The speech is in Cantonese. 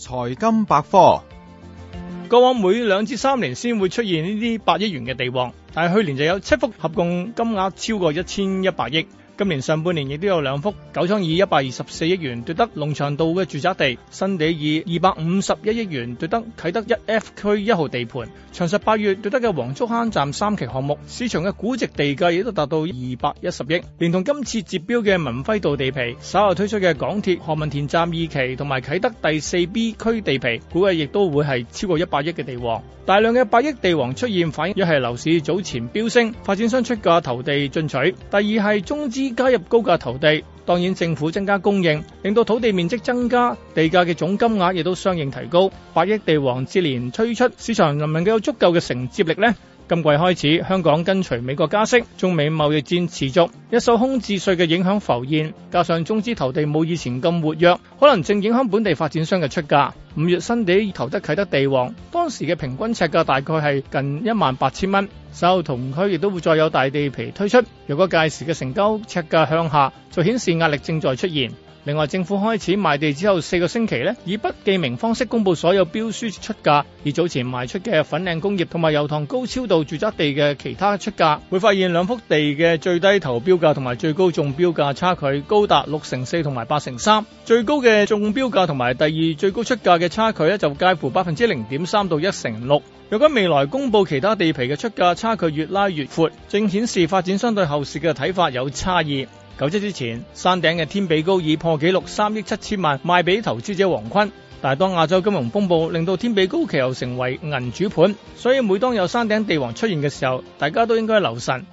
財金百科，過往每兩至三年先會出現呢啲百億元嘅地王，但係去年就有七幅合共金額超過一千一百億。今年上半年亦都有兩幅，九倉以一百二十四億元奪得龍翔道嘅住宅地，新地以二百五十一億元奪得啟德一 F 區一號地盤。長實八月奪得嘅黃竹坑站三期項目，市場嘅估值地價亦都達到二百一十億。連同今次截標嘅文輝道地皮，稍後推出嘅港鐵何文田站二期同埋啟德第四 B 區地皮，估計亦都會係超過一百億嘅地王。大量嘅百億地王出現，反映一係樓市早前飆升，發展商出價投地進取；第二係中資。加入高價土地，當然政府增加供應，令到土地面積增加，地價嘅總金額亦都相應提高。百億地王接連推出，市場能唔能夠有足夠嘅承接力呢？今季開始，香港跟隨美國加息，中美貿易戰持續，一手空置稅嘅影響浮現，加上中資投地冇以前咁活躍，可能正影響本地發展商嘅出價。五月新地投得啟德地王，當時嘅平均尺價大概係近一萬八千蚊。稍後同區亦都會再有大地皮推出，若果屆時嘅成交尺價向下，就顯示壓力正在出現。另外，政府開始賣地之後四個星期咧，以不記名方式公佈所有標書出價，而早前賣出嘅粉嶺工業同埋油塘高超道住宅地嘅其他出價，會發現兩幅地嘅最低投標價同埋最高中標價差距高達六成四同埋八成三，最高嘅中標價同埋第二最高出價嘅差距咧就介乎百分之零點三到一成六。若果未來公佈其他地皮嘅出價差距越拉越闊，正顯示發展商對後市嘅睇法有差異。九七之前，山頂嘅天比高已破紀錄三億七千萬賣俾投資者黃坤，但當亞洲金融風暴令到天比高其後成為銀主盤，所以每當有山頂地王出現嘅時候，大家都應該留神。